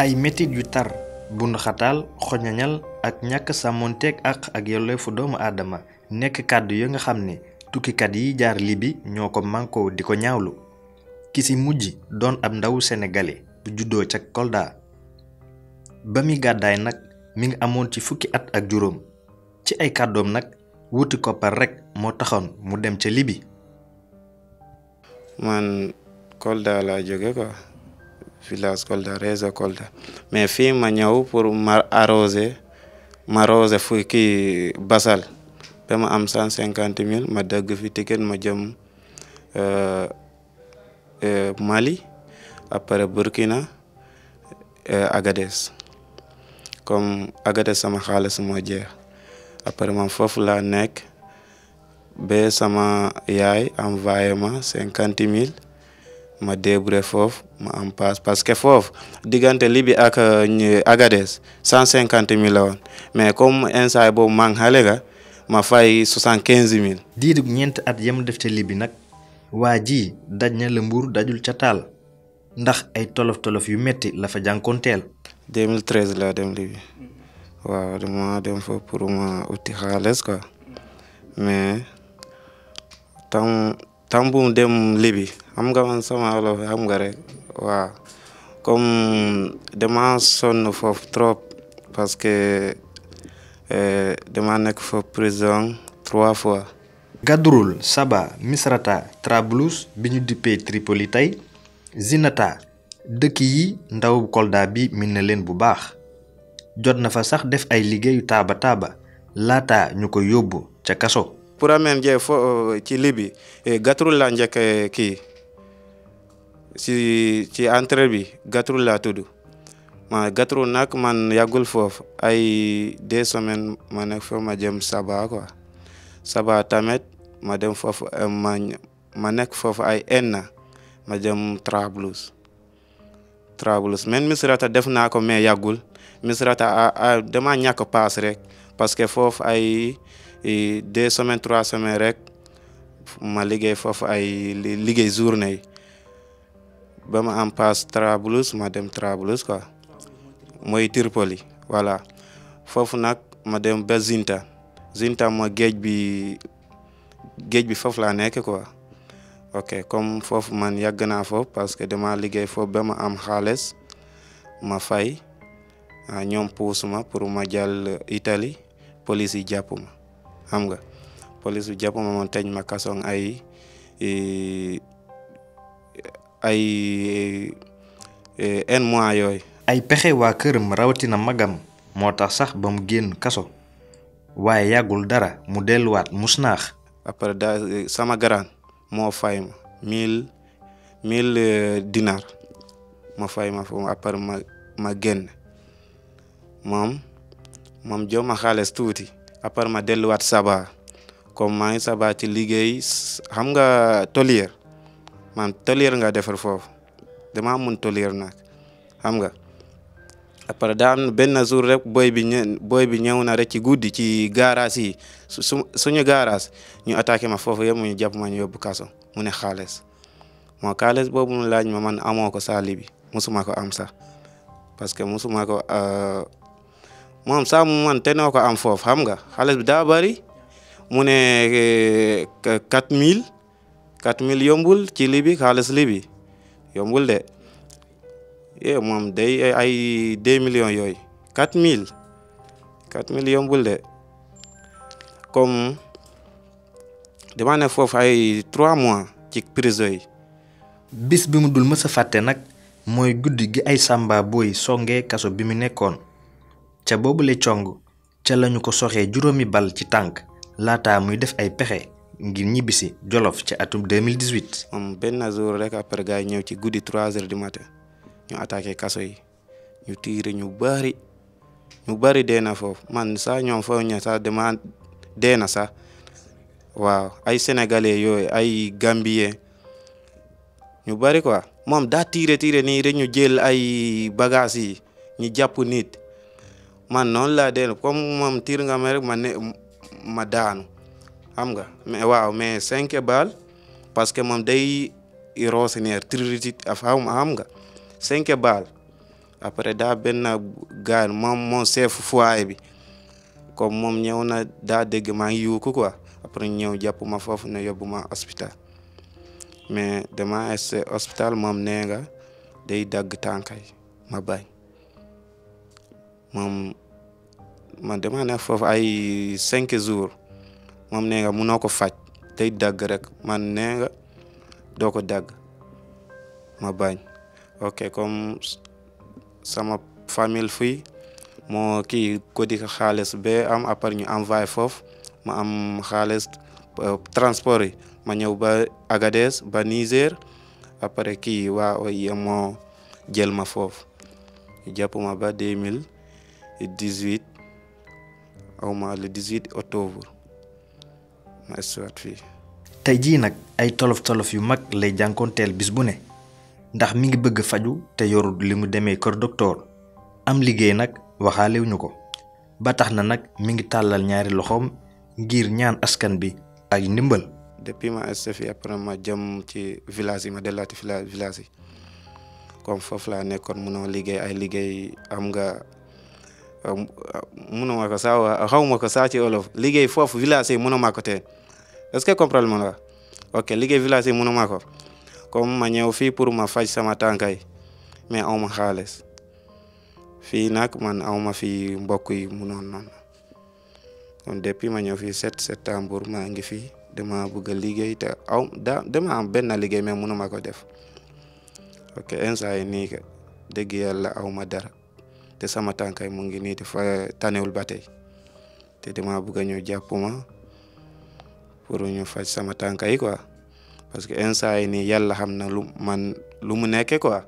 ay metti yu tar bund xatal xoñañal ak ñàkk sàmmonteeg ak ak yelleefu doomu aadama nekk kàddu yo ya nga xam ne tukkikat yi jaar libi ñoo ko mànkoo di ko ñaawlu ki si mujj doon ab ndaw sénégalais bu juddoo ca kolda ba mi gàddaay nag mi ngi amoon ci fukki at ak juróom ci ay kàddoom nag wuti koppar rek moo taxoon mu dem ca libi man kolda laa jóge quoi village Kolda reza Kolda mais fi ma ñëw pour ma arroser ma arroser fu ki Basal ba ma am cent mille ma dagg fi tiken ma jëm euh, euh, Mali après Burkina euh, Agadez comme Agadez sama xaalis mo jeex après man foofu la nekk be sama yaay am ma cinquante mille. ma débrouiller fof ma am passe parce que fof diganté Libi ak euh, agades, cent cinquante mille mais comme instant boobu maa ga ma fay soixante quinze mille. diiru at yam def ca Libi nak waji dajna le mbour dajul ca taal ndax ay tolof tolof yu metti la fa jankontel 2013 la dem Libi waaw dama dem fa pour ma uti xaalis quoi mais tant tambum dem Libi xam nga man sama wolof xam nga rek waaw comme dama sonn foofu trop parce que eh, dama nekk foofu prison trois fois. Gadrul Saba Misrata Trablus bi ñu dippee Tripoli tey Zinata dëkk yi ndaw Kolda bi min na leen bu baax jot na fa sax def ay liggéeyu taaba taaba laata ñu ko yóbbu ca kaso. Puramen je fo euh, ci Libye eh, Gatrul laa njëkk eh, kii si ci entrée bi Gatrul laa tudd ma Gatrul nag man yàggul foofu ay deux semaines ma nekk foofu ma jëm Saba quoi Saba tamit ma dem foofu eh, ma ma nekk foofu ay enna ma jëm Trablus Trablus même Misrata def naa ko mais yàggul Misrata a ah, ah, dama ñàkk paas rek parce que ay deux semaines trois semaines rek ma liggéey foofu ay liggéey journée yi ba ma am passe Trablus ma dem Trablus quoi mooy Tripoli voilà foofu nag ma dem ba Zinta Zinta ma géej bi géej bi foofu laa nekk quoi ok comme foofu man yàgg naa foofu parce que dama liggéey foofu ba ma am xaalis ma fay ah, ñoom puus ma pour ma jàll Italie police yi jàpp ma xam nga police bu jàpp ma moom tëj ma kaso ay ay un mois yooyu. ay pexe waa këram rawatina magam moo tax sax ba mu génn kaso waaye yàggul dara mu delluwaat mus naax. après da sama grand moo fay mil mille mille e, dinar ma fay ma foofu après ma ma génn moom moom jox xaalis tuuti. après ma delluwaat Saba comme maa ngi Saba ci liggéey xam nga tolière man tolière nga defar foofu damaa mun tolière nag xam nga après daan benn jour rek boy bi ñë ñëw na rek ci guddi ci garage yi su suñu garage ñu attaqué ma foofu yëpp ñu jàpp ma ñu yóbbu kaso mu ne xaalis moo xaalis boobu mu laaj ma man amoo ko saali bi musuma ko am sax parce que musuma ko. Euh, moom saa mu man te ko am foofu xam nga xaalis bi daa bëri mu ne eh, quatre mille quatre mille yombul ci libi xaalis libi yombul de eh moom day eh, ay deux millions yooyu quatre mille quatre mille yombul de comme dama ne ay trois mois ci prison yi. bis bi mu dul mës a fàtte nag mooy guddi gi ay samba booy songee kaso bi mu nekkoon. ca boobu boobule cong ca lañu ko soxee juróomi bal ci tànk laata muy def ay pexe ngir ñibbisi Jolof ca atum 2018. moom benn jour rek après gars yi ñëw ci guddi 3 heures du matin ñu attaqué kaso yi ñu tiire ñu bari ñu bari dee na foofu man sax ñoom foofu saa demande dama na sax waaw ay sénégalais yooyu ay gambien ñu bari quoi moom daa tiire tiire nii rek ñu jël ay bagages yi ñu jàpp nit. man noonu laa dee comme moom tiir nga ma rek ma ne ma daanu xam nga mais waaw mais cinq balle parce que moom day roosineer tririti xam xam nga cinq balle après daa benn mam moom moo chef foyer bi comme moom ñëw na daa dégg maa ngi yuuku quoi après ñëw jàpp ma foofu ne yóbbu hospital mais dama est hospital mam nee nga day dagg tànkay ma bañ mom man dama nekk foofu ay 5 jours mom ne nga munoko fajj faj day dagg rek man ne nga doko dag ma bañ ok comme sama famille mo ki ko di xaalis be am après ñu envoyé fof ma am xaalis euh, transport ma ñew ba Agadez ba Niger après ki wa OIM mo jël ma foofu jàpp ma ba 2000 le 18 au ma le 18 octobre ma soit fi tay ji nak ay tolof tolof yu mag lay jankontel bis bu ne ndax mi ngi bëgg faju te yorul limu démé demee docteur am liggéey nag wuñu ko ba taxna nak mi ngi talal ñaari loxom ngir ñaan askan bi ay ndimbal depuis ma este après ma jëm ci village yi ma delati village yi comme foofu la nekkoon mëno liggéey ay liggéey am nga mënuma ko sax waa xawma ko sax ci olof liggéey foofu village yi mënuma ko tee est-ce que comprendre ok liggéey village yi mënuma ko comme ma ñëw fii pour ma faj sama tànkay mais awma xaalis fii nag man awma fii mbokk yi mu noon noonu kon depuis ma ñëw fii 7 septembre maa ngi fii dama bëgg a liggéey te aw da benn liggéey mais mënuma ko def ok instant yi nii dëgg yàlla ma dara te sama tànkay mu ngi nii dafa tanewul ba tey te dama bëgg a ñëw jàpp ma pour ñu faj sama tànkay quoi parce que instant yii nii yàlla xam na lu man lu mu nekkee quoi.